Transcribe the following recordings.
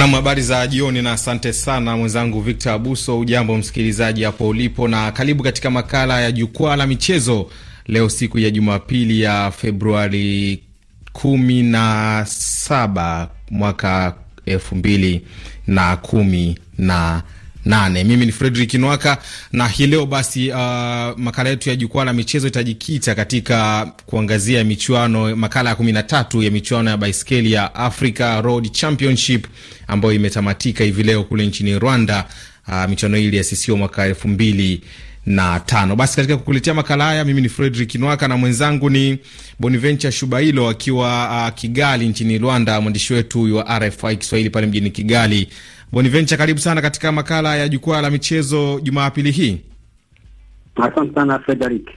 Nam, habari za jioni na asante sana mwenzangu Victor Abuso. Ujambo msikilizaji hapo ulipo, na karibu katika makala ya jukwaa la michezo leo siku ya Jumapili ya Februari 17 mwaka elfu mbili na kumi na nane. Mimi ni Fredrick Nwaka na hii leo basi, uh, makala yetu ya jukwaa la michezo itajikita katika kuangazia michuano, makala ya kumi na tatu ya michuano ya baiskeli ya Africa Road Championship ambayo imetamatika hivi leo kule nchini Rwanda. Uh, michuano hii iliasisiwa mwaka elfu mbili na tano. Basi katika kukuletea makala haya mimi ni Fredrick Nwaka na mwenzangu ni Boniventure Shubailo akiwa uh, Kigali nchini Rwanda, mwandishi wetu wa RFI Kiswahili pale mjini Kigali Bonventure, karibu sana katika makala ya jukwaa la michezo jumapili hii. Asante sana Frederick.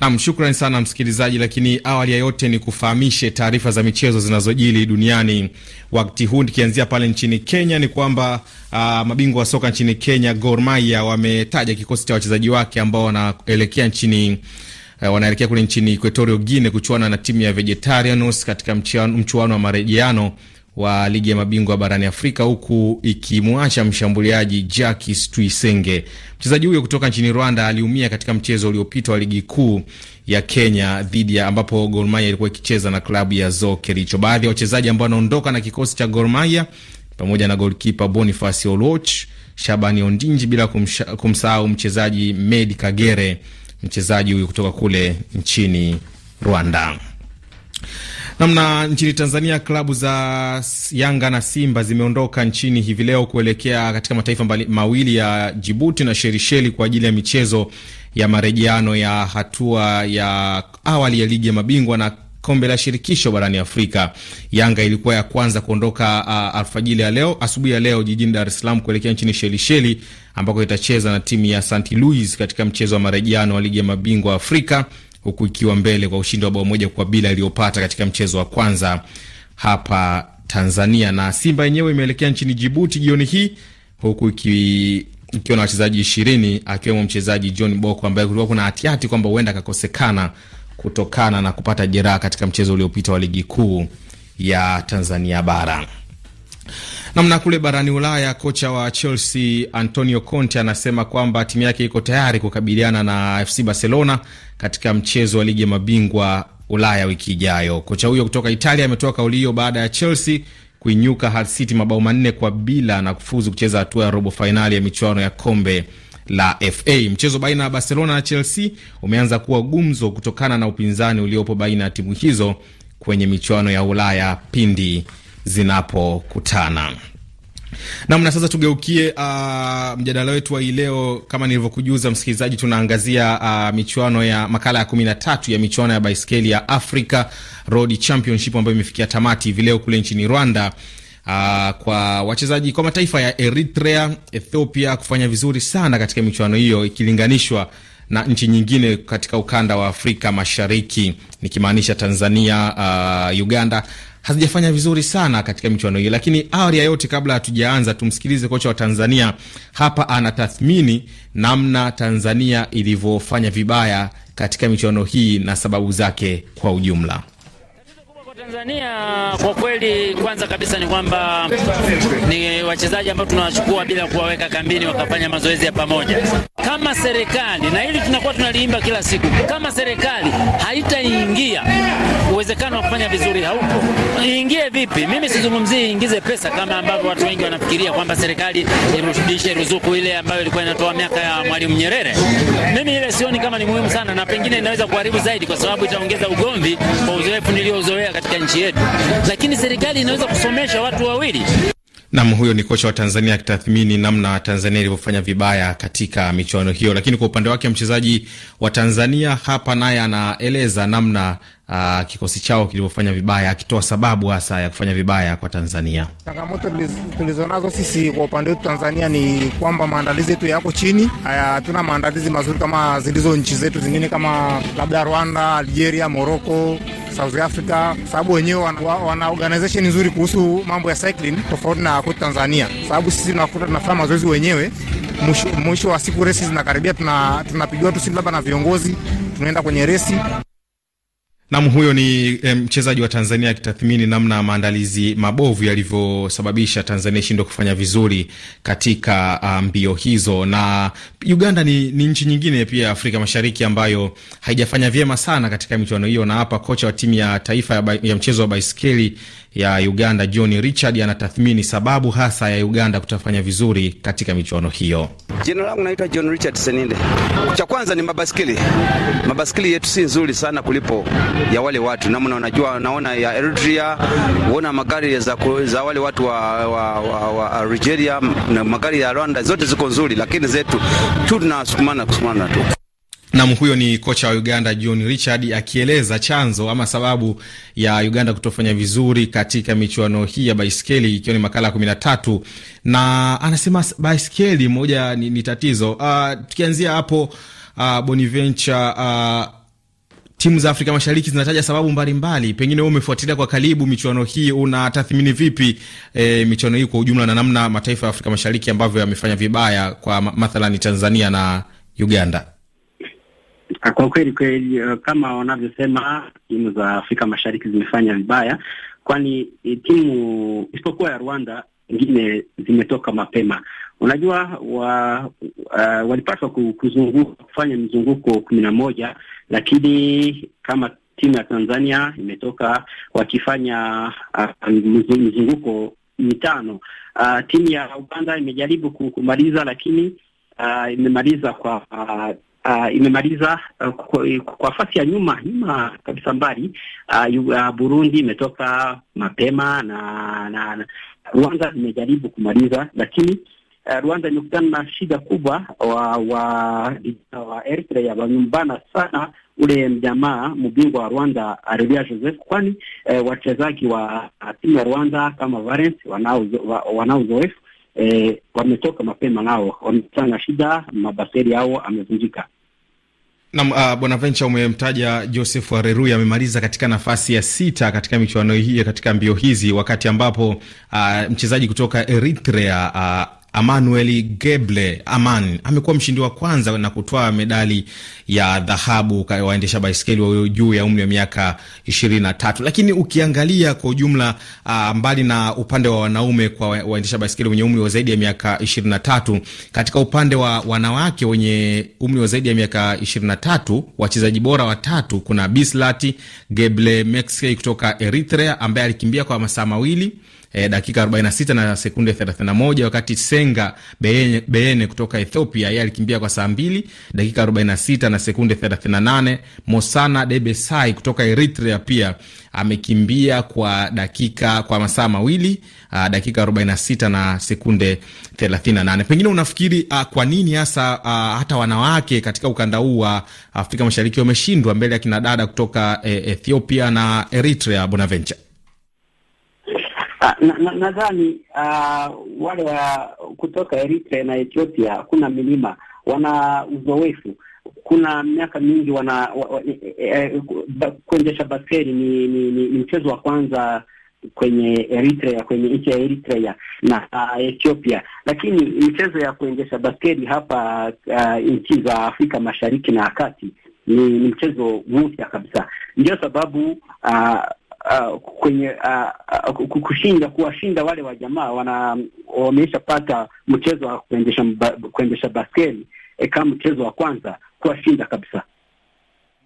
Nam, shukrani sana msikilizaji. Lakini awali ya yote, ni kufahamishe taarifa za michezo zinazojili duniani wakati huu, nikianzia pale nchini Kenya. Ni kwamba uh, mabingwa wa soka nchini Kenya, Gor Mahia, wametaja kikosi cha wachezaji wake ambao wanaelekea nchini eh, wanaelekea kule nchini Equatorial Guinea kuchuana na timu ya Vegetarianos katika mchuano wa marejeano wa ligi ya mabingwa barani Afrika, huku ikimwacha mshambuliaji Jacques Tuyisenge. Mchezaji huyo kutoka nchini Rwanda aliumia katika mchezo uliopita wa ligi kuu ya Kenya dhidi ya ambapo Gor Mahia ilikuwa ikicheza na klabu ya Zoo Kericho. Baadhi ya wachezaji ambao wanaondoka na kikosi cha Gor Mahia pamoja na golkipa Boniface Oluoch, Shabani Ondinji, bila kumsahau mchezaji Medi Kagere, mchezaji huyu kutoka kule nchini Rwanda. Namna nchini Tanzania, klabu za Yanga na Simba zimeondoka nchini hivi leo kuelekea katika mataifa mbali, mawili ya Jibuti na Shelisheli kwa ajili ya michezo ya marejeano ya hatua ya awali ya ligi ya mabingwa na kombe la shirikisho barani Afrika. Yanga ilikuwa ya kwanza kuondoka uh, alfajili ya leo, asubuhi ya leo jijini Dar es Salaam kuelekea nchini Shelisheli ambako itacheza na timu ya St Louis katika mchezo wa marejeano wa ligi ya mabingwa Afrika huku ikiwa mbele kwa ushindi wa bao moja kwa bila aliyopata katika mchezo wa kwanza hapa Tanzania. Na Simba yenyewe imeelekea nchini Jibuti jioni hii huku iki ikiwa na wachezaji ishirini akiwemo mchezaji John Boko ambaye kulikuwa kuna hatihati kwamba huenda akakosekana kutokana na kupata jeraha katika mchezo uliopita wa ligi kuu ya Tanzania bara. Namna kule barani Ulaya, kocha wa Chelsea Antonio Conte anasema kwamba timu yake iko tayari kukabiliana na FC Barcelona katika mchezo wa ligi ya mabingwa Ulaya wiki ijayo. Kocha huyo kutoka Italia ametoa kauli hiyo baada ya Chelsea kuinyuka Hull City mabao manne kwa bila na kufuzu kucheza hatua ya robo fainali ya michuano ya kombe la FA. Mchezo baina ya Barcelona na Chelsea umeanza kuwa gumzo kutokana na upinzani uliopo baina ya timu hizo kwenye michuano ya Ulaya pindi zinapokutana. Namna sasa, tugeukie uh, mjadala wetu wa hii leo. Kama nilivyokujuza msikilizaji, tunaangazia uh, michuano ya makala ya kumi na tatu ya michuano ya baiskeli ya Africa Road Championship ambayo imefikia tamati hivi leo kule nchini Rwanda. Uh, kwa wachezaji kwa mataifa ya Eritrea, Ethiopia kufanya vizuri sana katika michuano hiyo ikilinganishwa na nchi nyingine katika ukanda wa Afrika Mashariki, nikimaanisha Tanzania, uh, Uganda hazijafanya vizuri sana katika michuano hii. Lakini awali ya yote, kabla hatujaanza, tumsikilize kocha wa Tanzania hapa, anatathmini namna Tanzania ilivyofanya vibaya katika michuano hii na sababu zake kwa ujumla. Tanzania kwa kweli, kwanza kabisa ni kwamba ni wachezaji ambao tunawachukua bila kuwaweka kambini wakafanya mazoezi ya pamoja. Kama serikali, na hili tunakuwa tunaliimba kila siku, kama serikali haitaingia, uwezekano wa kufanya vizuri haupo. Iingie vipi? Mimi sizungumzii iingize pesa kama ambavyo watu wengi wanafikiria kwamba serikali irudishe ruzuku ile ambayo ilikuwa inatoa miaka ya Mwalimu Nyerere. Mimi ile sioni kama ni muhimu sana, na pengine inaweza kuharibu zaidi, kwa sababu itaongeza ugomvi kwa uzoefu niliouzoea katika nchi yetu, lakini serikali inaweza kusomesha watu wawili. Nam, huyo ni kocha wa Tanzania akitathmini namna Tanzania ilivyofanya vibaya katika michuano hiyo. Lakini kwa upande wake mchezaji wa Tanzania hapa naye anaeleza namna uh, kikosi chao kilivyofanya vibaya, akitoa sababu hasa ya kufanya vibaya kwa Tanzania. Changamoto tulizonazo sisi kwa upande wetu Tanzania ni kwamba maandalizi yetu yako chini, hatuna maandalizi mazuri kama zilizo nchi zetu zingine kama labda Rwanda, Algeria, Morocco South Africa sababu wenyewe wana, wana organization nzuri kuhusu mambo ya cycling tofauti na kwetu Tanzania, sababu sisi tunakuta tunafanya mazoezi wenyewe, mwisho wa siku resi zinakaribia, tunapigiwa tuna tu simu labda na viongozi, tunaenda kwenye resi, Nam huyo ni eh, mchezaji wa Tanzania akitathmini namna maandalizi mabovu yalivyosababisha Tanzania ishindwa kufanya vizuri katika ah, mbio hizo. Na Uganda ni, ni nchi nyingine pia Afrika Mashariki ambayo haijafanya vyema sana katika michuano hiyo, na hapa kocha wa timu ya taifa ya, ya mchezo wa baiskeli ya Uganda John Richard anatathmini sababu hasa ya Uganda kutafanya vizuri katika michuano hiyo. Jina langu naitwa John Richard Seninde. Cha kwanza ni mabaskili. Mabaskili yetu si nzuri sana kulipo ya wale watu namna, unajua, naona ya Eritrea, uona magari za, za wale watu wa, wa, wa, wa Nigeria na magari ya Rwanda zote ziko nzuri, lakini zetu tu tunasukumana kusukumana tu Nam, huyo ni kocha wa Uganda John Richard akieleza chanzo ama sababu ya Uganda kutofanya vizuri katika michuano hii ya baiskeli ikiwa ni makala ya kumi na tatu na anasema baiskeli moja ni, ni tatizo. Uh, tukianzia hapo uh, Bonaventure uh, timu za Afrika Mashariki zinataja sababu mbalimbali mbali. Pengine wewe umefuatilia kwa karibu michuano hii, unatathmini vipi e, michuano hii kwa ujumla na namna mataifa ya Afrika Mashariki ambavyo yamefanya vibaya kwa mathalani Tanzania na Uganda? Kwa kweli kweli, eh, kama wanavyosema, timu za Afrika Mashariki zimefanya vibaya, kwani eh, timu isipokuwa ya Rwanda ingine zimetoka mapema. Unajua wa, uh, walipaswa kuzunguka kufanya mzunguko kumi na moja, lakini kama timu ya Tanzania imetoka wakifanya uh, mzunguko mitano. Uh, timu ya Uganda imejaribu kumaliza, lakini uh, imemaliza kwa uh, uh, imemaliza uh, kwa fasi ya nyuma nyuma kabisa mbali uh, uh, Burundi imetoka mapema na, na, na Rwanda imejaribu kumaliza, lakini uh, Rwanda imekutana na shida kubwa wa, wa, wa Eritrea wanyumbana sana ule mjamaa mbingwa wa Rwanda Areruya Joseph, kwani eh, wachezaji wa timu ya Rwanda kama Valens wana eh, wametoka mapema nao wamepanga shida, mabaseri yao amevunjika. nam uh, ah, Bwana Venture umemtaja Joseph Arerui amemaliza katika nafasi ya sita katika michuano hii katika mbio hizi, wakati ambapo uh, mchezaji kutoka Eritrea uh, Emmanuel Geble Aman amekuwa mshindi wa kwanza na kutoa medali ya dhahabu waendesha baiskeli walio juu ya umri wa miaka ishirini na tatu. Lakini ukiangalia kwa ujumla, uh, mbali na upande wa wanaume kwa waendesha baiskeli wenye umri wa zaidi ya miaka ishirini na tatu, katika upande wa wanawake wenye umri wa zaidi ya miaka ishirini na tatu, wachezaji bora watatu kuna Bislati Geble Mexi kutoka Eritrea ambaye alikimbia kwa masaa mawili eh, dakika 46 na sekunde 31, wakati Senga Beene, Beene kutoka Ethiopia yeye alikimbia kwa saa 2 dakika 46 na sekunde 38. Mosana Debesai kutoka Eritrea pia amekimbia kwa dakika kwa masaa mawili uh, dakika 46 na sekunde 38. Pengine unafikiri uh, kwa nini hasa uh, hata wanawake katika ukanda huu wa Afrika Mashariki wameshindwa mbele ya kinadada kutoka uh, Ethiopia na Eritrea, Bonaventure? Ah, nadhani na, uh, wale wa kutoka Eritrea na Ethiopia hakuna milima, wana uzoefu. Kuna miaka mingi wana wa, wa, e, e, e, kuendesha baskeli ni, ni, ni, ni mchezo wa kwanza kwenye Eritrea, kwenye nchi ya Eritrea na uh, Ethiopia, lakini michezo ya kuendesha baskeli hapa uh, nchi za Afrika Mashariki na Kati ni, ni mchezo mpya kabisa. Ndio sababu uh, uh, kwenye uh, uh, kushinda kuwashinda wale jamaa wana wameshapata mchezo wa kuendesha kuendesha baskeli e, eh, kama mchezo wa kwanza kuwashinda kabisa.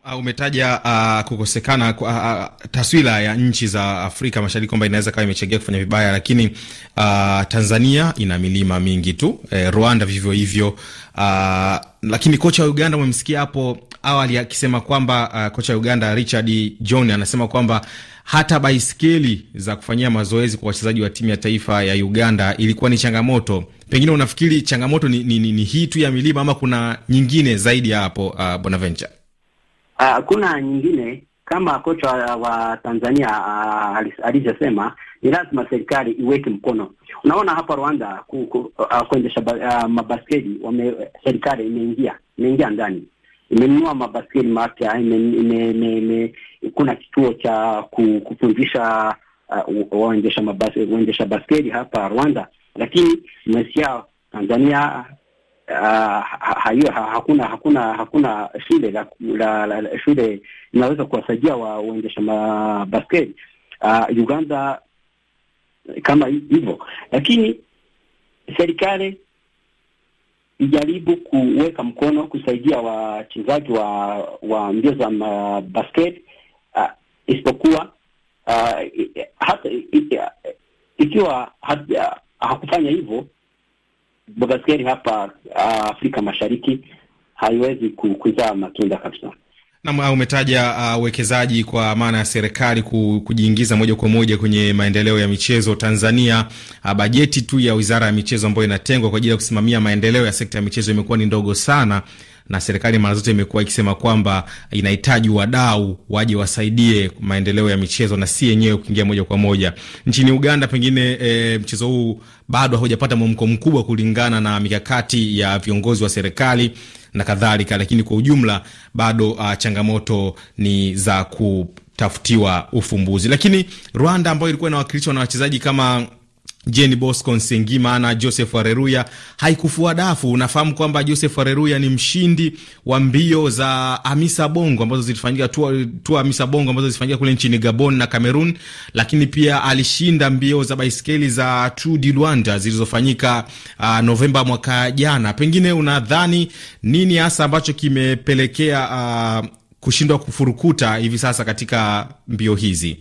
Uh, umetaja uh, kukosekana uh, uh, taswira ya nchi za Afrika Mashariki kwamba inaweza kawa imechegea kufanya vibaya, lakini uh, Tanzania ina milima mingi tu eh, Rwanda vivyo hivyo uh, lakini kocha wa Uganda umemsikia hapo awali akisema kwamba uh, kocha wa Uganda Richard John anasema kwamba hata baiskeli za kufanyia mazoezi kwa wachezaji wa timu ya taifa ya Uganda ilikuwa ni changamoto. Pengine unafikiri changamoto ni, ni, ni, ni hii tu ya milima ama kuna nyingine zaidi ya hapo? Uh, Bonaventure, uh, kuna nyingine kama kocha wa Tanzania uh, alivyosema ni lazima serikali iweke mkono. Unaona hapa Rwanda ah, kuendesha uh, uh, mabaskeli wame, serikali imeingia imeingia ndani imenunua mabaskeli mapya ime, ime, ime, ime, kuna kituo cha kufundisha uh, waendesha baskeli hapa Rwanda, lakini mesia Tanzania Uh, hayo ha, hakuna hakuna hakuna shule la, la, la, la shule inaweza kuwasaidia waendesha mabaskeli uh, Uganda kama hivyo, lakini serikali ijaribu kuweka mkono kusaidia wachezaji wa, wa mbio za uh, basket uh, isipokuwa uh, hata ikiwa hakufanya hivyo basketi hapa uh, Afrika Mashariki haiwezi kuzaa matunda kabisa. Na umetaja uh, uwekezaji uh, kwa maana ya serikali kujiingiza moja kwa moja kwenye maendeleo ya michezo Tanzania. Uh, bajeti tu ya Wizara ya Michezo ambayo inatengwa kwa ajili ya kusimamia maendeleo ya sekta ya michezo imekuwa ni ndogo sana, na serikali mara zote imekuwa ikisema kwamba inahitaji wadau waje wasaidie maendeleo ya michezo na si yenyewe kuingia moja kwa moja nchini Uganda. Pengine e, mchezo huu bado haujapata mwamko mkubwa kulingana na mikakati ya viongozi wa serikali na kadhalika, lakini kwa ujumla bado uh, changamoto ni za kutafutiwa ufumbuzi. Lakini Rwanda ambayo ilikuwa inawakilishwa na wachezaji kama jeni Bosco Nsengima na Joseph Areruya haikufua dafu. Unafahamu kwamba Joseph Areruya ni mshindi wa mbio za Amisa Bongo ambazo zilifanyika tu Amisa Bongo ambazo zilifanyika kule nchini Gabon na Cameroon, lakini pia alishinda mbio za baiskeli za Tour du Rwanda zilizofanyika uh, Novemba mwaka jana. Pengine unadhani nini hasa ambacho kimepelekea uh, kushindwa kufurukuta hivi sasa katika mbio hizi?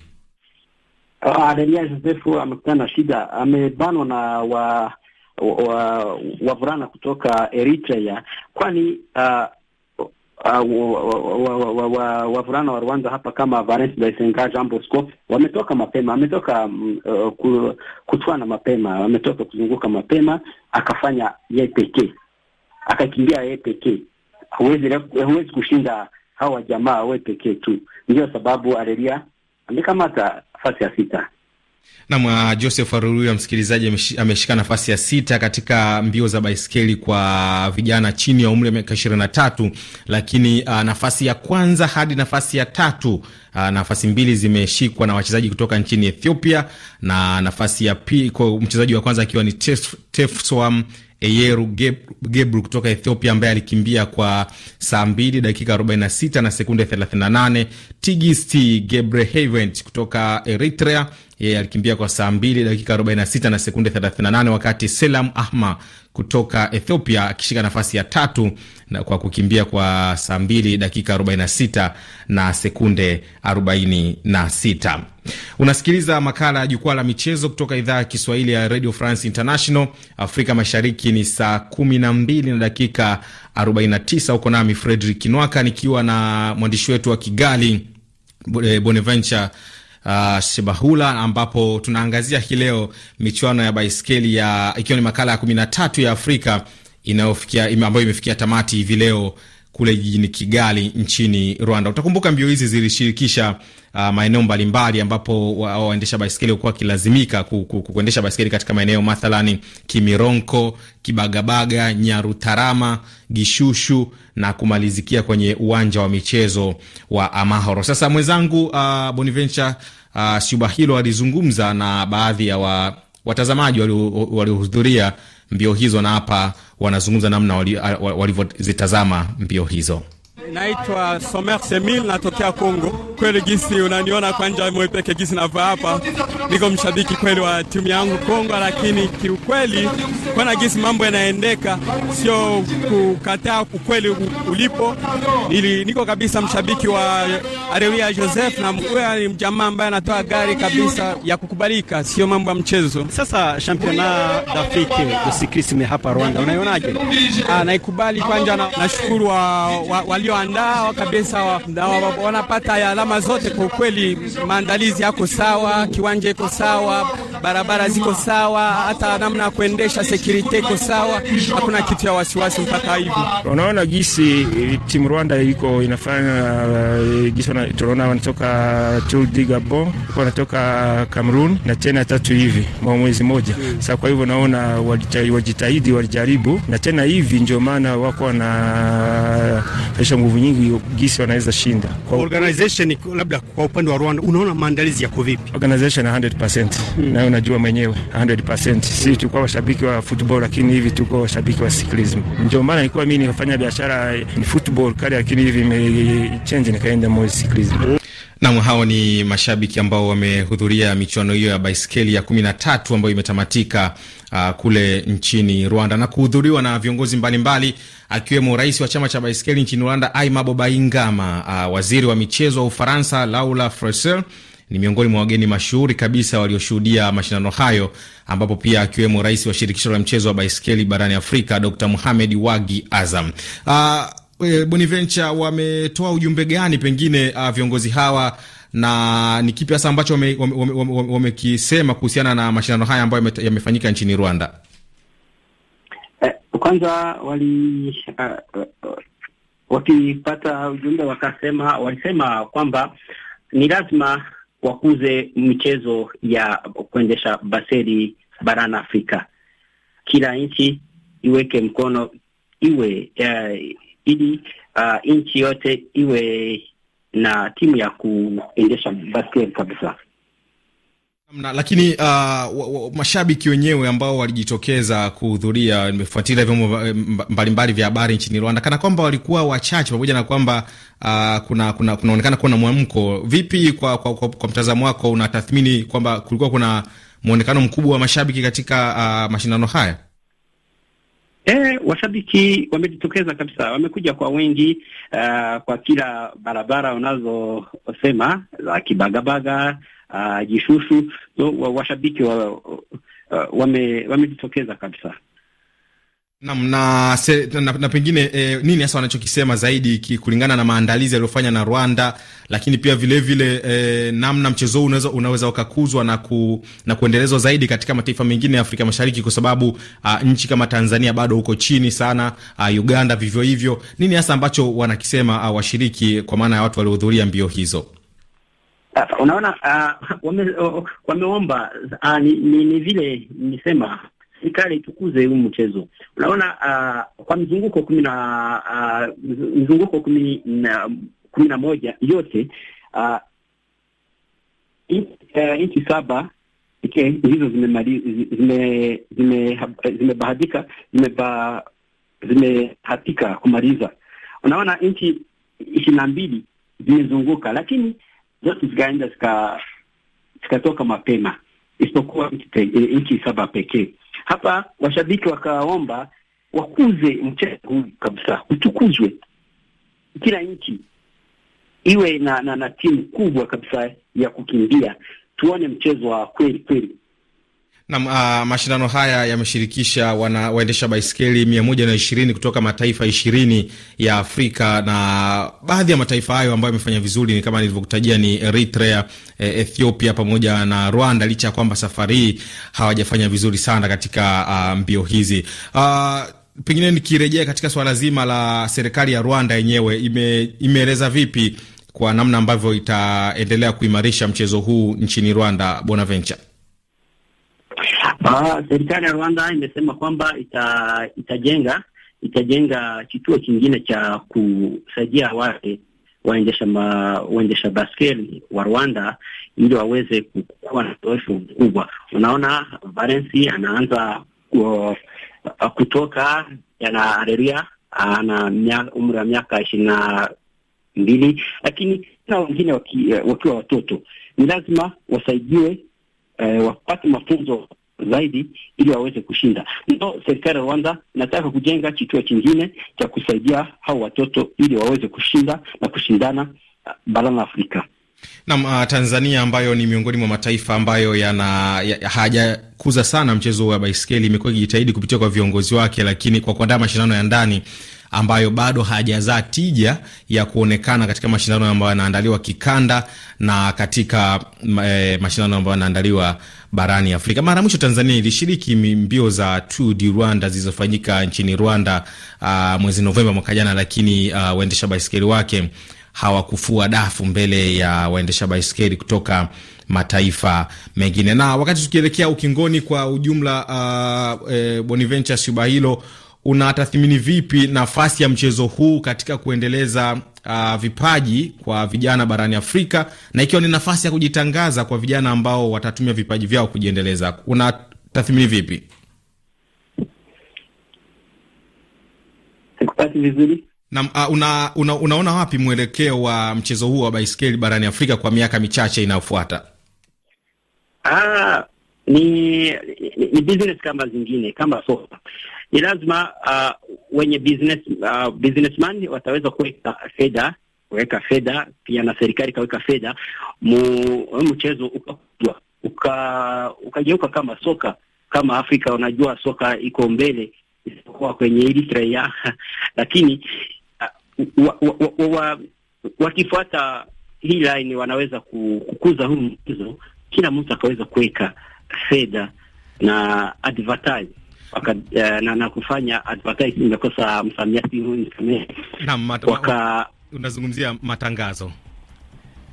Ah, Adelia Josefu amekutana na shida, amebanwa na wa wavulana wa, wa kutoka Eritrea, kwani uh, wavulana wa Rwanda hapa kama Valens Ndayisenga, Jean Bosco wametoka mapema, ametoka mm, kutwana mapema, ametoka kuzunguka mapema, akafanya ye pekee, akakimbia ye pekee. Huwezi kushinda hawa jamaa we pekee tu, ndiyo sababu Arelia amekamata nafasi ya sita. Nam uh, Joseph Aruruya, msikilizaji, ameshika nafasi ya sita katika mbio za baiskeli kwa vijana chini ya umri wa miaka ishirini na tatu, lakini uh, nafasi ya kwanza hadi nafasi ya tatu uh, nafasi mbili zimeshikwa na wachezaji kutoka nchini Ethiopia na nafasi ya pili, mchezaji wa kwanza akiwa ni Tefswam Eyeru Gebru kutoka Ethiopia ambaye alikimbia kwa saa 2 dakika 46 na sekunde 38. Tigist gebrehevent kutoka Eritrea yeye alikimbia kwa saa 2 dakika 46 na sekunde 38, wakati Selam Ahma kutoka Ethiopia akishika nafasi ya tatu na kwa kukimbia kwa saa 2 dakika 46 na sekunde 46. Unasikiliza makala ya jukwaa la michezo kutoka idhaa ya Kiswahili ya Radio France International. Afrika Mashariki ni saa 12 na dakika 49. Uko nami Fredrick Nwaka nikiwa na mwandishi wetu wa Kigali Bonaventure uh, Shebahula, ambapo tunaangazia hii leo michuano ya baiskeli ya ikiwa ni makala ya kumi na tatu ya Afrika inayofikia ambayo imefikia tamati hivi leo kule jijini Kigali nchini Rwanda. Utakumbuka mbio hizi zilishirikisha uh, maeneo mbalimbali ambapo waendesha baiskeli walikuwa wakilazimika ku, ku, kuendesha baiskeli katika maeneo mathalani Kimironko, Kibagabaga, Nyarutarama, Gishushu na kumalizikia kwenye uwanja wa michezo wa Amahoro. Sasa mwenzangu uh, Boniventure uh, Siubahilo alizungumza na baadhi ya wa, watazamaji waliohudhuria wali mbio hizo, na hapa wanazungumza namna walivyozitazama wali mbio hizo. Naitwa Somer Semil, natokea Kongo. Kweli gisi unaniona kwanja mwepeke gisi navaa hapa, niko mshabiki kweli wa timu yangu Kongo, lakini kiukweli kwana gisi mambo yanaendeka, sio kukataa ukweli ulipo. Nili, niko kabisa mshabiki wa Arewia Joseph na mkuya ni mjamaa ambaye anatoa gari kabisa ya kukubalika, sio mambo ya mchezo. Sasa championa dafiki usikrisime hapa Rwanda, unaionaje? Ah, naikubali kwanja, nashukuru na walio walioandaa kabisa wanapata alama zote. Kwa ukweli, maandalizi yako sawa, kiwanja iko sawa barabara ziko sawa, hata namna ya kuendesha security iko sawa, hakuna kitu ya wasiwasi mpaka hivi. Unaona gisi eh, timu Rwanda iko inafanya uh, gisi tunaona wanatoka Tour du Gabon, wanatoka Cameroon na tena tatu hivi mwezi moja sasa. Kwa hivyo naona wajitahidi, walijaribu na tena hivi, ndio maana wako na wanaonyesha nguvu nyingi gisi wanaweza shinda kwa organization. Labda kwa upande wa Rwanda unaona maandalizi yako vipi? Organization 100% hmm. na unajua mwenyewe 100%. Sisi tulikuwa washabiki wa football, lakini hivi tuko washabiki wa cyclism. Ndio maana nilikuwa mimi nifanya biashara ni football kali, lakini hivi change nikaenda more cyclism. Nam, hao ni mashabiki ambao wamehudhuria michuano hiyo ya baiskeli ya kumi na tatu ambayo imetamatika uh, kule nchini Rwanda na kuhudhuriwa na viongozi mbalimbali akiwemo rais wa chama cha baiskeli nchini Rwanda Aimabo Baingama, uh, ah, waziri wa michezo wa Ufaransa Laura Flessel ni miongoni mwa wageni mashuhuri kabisa walioshuhudia mashindano hayo, ambapo pia akiwemo rais wa shirikisho la mchezo wa baiskeli barani Afrika Dr Muhamed Wagi Azam. Uh, Bonaventure, wametoa ujumbe gani pengine uh, viongozi hawa na ni kipi hasa ambacho wamekisema wame, wame, kuhusiana na mashindano haya ambayo yamefanyika nchini Rwanda? Eh, kwanza wali uh, wakipata ujumbe wakasema, walisema kwamba ni lazima wakuze michezo ya kuendesha baseli barani Afrika. Kila nchi iweke mkono iwe uh, ili uh, nchi yote iwe na timu ya kuendesha baskeli kabisa. Na, lakini uh, wa, wa, mashabiki wenyewe ambao walijitokeza kuhudhuria, nimefuatilia vyombo mbalimbali vya habari nchini Rwanda, kana kwamba walikuwa wachache, pamoja na kwamba uh, kuna kunaonekana kuna kuwa na mwamko. Vipi kwa, kwa, kwa, kwa mtazamo wako, unatathmini kwamba kulikuwa kuna mwonekano mkubwa wa mashabiki katika uh, mashindano haya? E, washabiki wamejitokeza kabisa, wamekuja kwa wengi uh, kwa kila barabara unazosema za Kibagabaga uh, ah, jishushu so, wa, washabiki wa, uh, wame wamejitokeza kabisa na, na, na, na, na pengine eh, nini hasa wanachokisema zaidi ki, kulingana na maandalizi yaliyofanya na Rwanda, lakini pia vilevile vile, eh, namna mchezo huu unaweza, unaweza ukakuzwa na, ku, na kuendelezwa zaidi katika mataifa mengine ya Afrika Mashariki kwa sababu ah, nchi kama Tanzania bado huko chini sana, ah, Uganda vivyo hivyo. Nini hasa ambacho wanakisema ah, washiriki kwa maana ya watu waliohudhuria mbio hizo? Sasa unaona, uh, wameomba uh, ni, ni, ni vile nisema serikali itukuze huu mchezo. Unaona uh, kwa mzunguko kumi na uh, mzunguko kumi na kumi na moja yote uh, eh, nchi uh, saba pekee ndizo zimebahatika zime, zime zimehatika kumaliza. Unaona nchi ishirini na mbili zimezunguka, lakini zote zikaenda zikatoka mapema isipokuwa eh, nchi saba pekee. Hapa washabiki wakaomba wakuze mchezo huu kabisa, utukuzwe, kila nchi iwe na, na, na timu kubwa kabisa ya kukimbia, tuone mchezo wa kweli kweli. Na, uh, mashindano haya yameshirikisha waendesha baiskeli 120 kutoka mataifa 20 ya Afrika na baadhi ya mataifa hayo ambayo yamefanya vizuri ni kama nilivyokutajia ni Eritrea, e, Ethiopia pamoja na Rwanda, licha ya kwamba safari hii hawajafanya vizuri sana katika uh, mbio hizi uh, pengine nikirejea katika swala zima la serikali ya Rwanda yenyewe imeeleza vipi kwa namna ambavyo itaendelea kuimarisha mchezo huu nchini Rwanda, Bonaventure? Aa, serikali ya Rwanda imesema kwamba ita, itajenga itajenga kituo kingine cha kusaidia wale waendesha waendesha baskeli wa Rwanda ili waweze kuwa na uzoefu mkubwa. Unaona, Valensi anaanza kutoka yana areria ana umri wa miaka ishirini na mbili, lakini na wengine wakiwa watoto ni lazima wasaidiwe, eh, wapate mafunzo zaidi ili waweze kushinda. Ndo serikali ya Rwanda inataka kujenga kituo kingine cha kusaidia hao watoto ili waweze kushinda na kushindana uh, barani Afrika. Naam, uh, Tanzania ambayo ni miongoni mwa mataifa ambayo yana ya, ya, hajakuza sana mchezo wa baiskeli, imekuwa ikijitahidi kupitia kwa viongozi wake, lakini kwa kuandaa mashindano ya ndani ambayo bado hajazaa tija ya kuonekana katika mashindano ambayo yanaandaliwa kikanda na katika e, mashindano ambayo yanaandaliwa barani Afrika. Mara mwisho Tanzania ilishiriki mbio za Tour du Rwanda zilizofanyika nchini Rwanda uh, mwezi Novemba mwaka jana, lakini ah, waendesha baiskeli wake hawakufua dafu mbele ya waendesha baiskeli kutoka mataifa mengine. Na wakati tukielekea ukingoni kwa ujumla, uh, eh, Bonaventure Subahilo unatathmini vipi nafasi ya mchezo huu katika kuendeleza uh, vipaji kwa vijana barani Afrika na ikiwa ni nafasi ya kujitangaza kwa vijana ambao watatumia vipaji vyao kujiendeleza, unatathmini vipi? Sikupati vizuri. Na, uh, una, una, unaona wapi mwelekeo wa mchezo huu wa baiskeli barani Afrika kwa miaka michache inayofuata? Ah, ni, ni, ni business kama zingine kama sofa. Ni lazima uh, wenye business uh, businessman wataweza kuweka fedha kuweka fedha pia na serikali ikaweka fedha mchezo ukakua uka, ukageuka kama soka kama Afrika. Unajua soka iko mbele isipokuwa kwenye ya lakini uh, wakifuata hii line wanaweza kukuza huu mchezo, kila mtu akaweza kuweka fedha na advertise waka, uh, na, na kufanya advertise, nimekosa msamiati huu mat waka... unazungumzia matangazo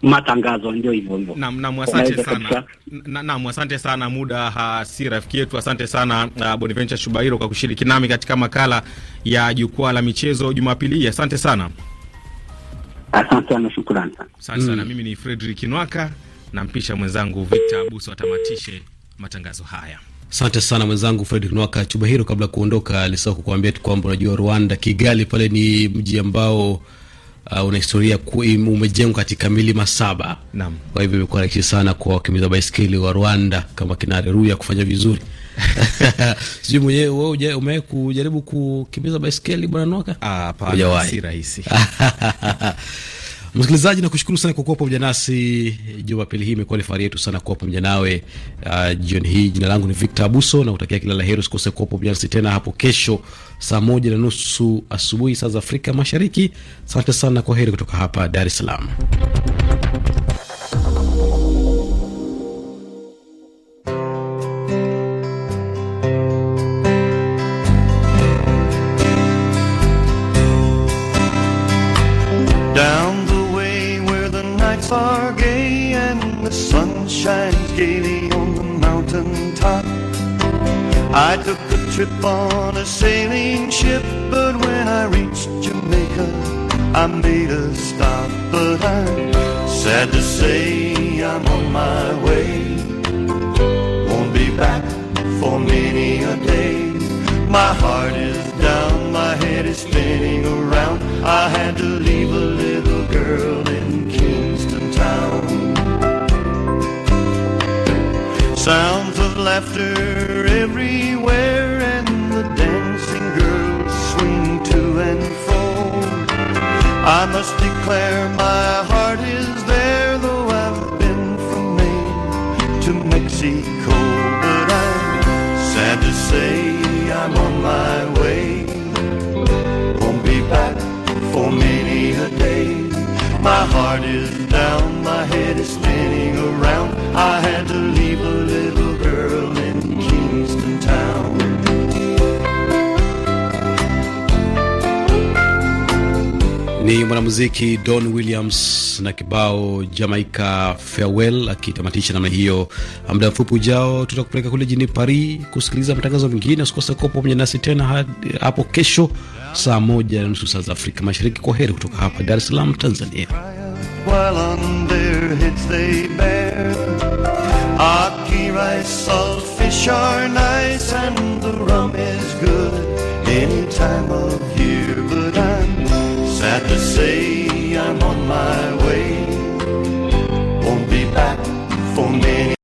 matangazo ndio hivyo hivyo. Naam, naam, asante sana. Naam, asante sana, muda ha, si rafiki yetu. Asante sana uh, Bonaventure Shubairo kwa kushiriki nami katika makala ya jukwaa la michezo Jumapili hii. Asante sana. Asante sana, shukrani sana. Asante sana. Mm. Mimi ni Fredrick Nwaka, nampisha mwenzangu Victor Abuso atamatishe matangazo haya. Asante sana mwenzangu Fredrik Nwaka chumba hilo. Kabla ya kuondoka, alisahau kukuambia tu kwamba unajua Rwanda, Kigali pale ni mji ambao Uh, una historia umejengwa katika milima saba. Naam. Kwa hivyo imekuwa rahisi sana kwa wakimbiza baiskeli wa Rwanda kama kina Reruya kufanya vizuri. Sijui mwenyewe wewe umewahi kujaribu kukimbiza baiskeli bwana Noka? Ah, hapana, si rahisi. Msikilizaji, nakushukuru sana kwa kuwa pamoja nasi Jumapili hii. Imekuwa ni fahari yetu sana kuwa pamoja nawe uh, jioni hii. Jina langu ni Victor Abuso na kutakia kila la heri. Usikose kuwa pamoja nasi tena hapo kesho saa moja na nusu asubuhi saa za Afrika Mashariki. Asante sana, kwa heri kutoka hapa Dar es Salaam. trip on a sailing ship, but when I reached Jamaica, I made a stop. But I'm sad to say I'm on my way. Won't be back for many a day. My heart is down, my head is spinning around. I had to leave a little girl in Kingston town. Sounds of laughter must declare my heart. Ni mwanamuziki Don Williams na kibao Jamaica Farewell akitamatisha namna hiyo. Muda mfupi ujao, tutakupeleka kule jini Paris kusikiliza matangazo mengine. Usikose kuwa pamoja nasi tena hapo kesho saa moja na nusu saa za Afrika Mashariki. Kwa heri kutoka hapa Dar es Salaam, Tanzania. Sad to say I'm on my way. Won't be back for many.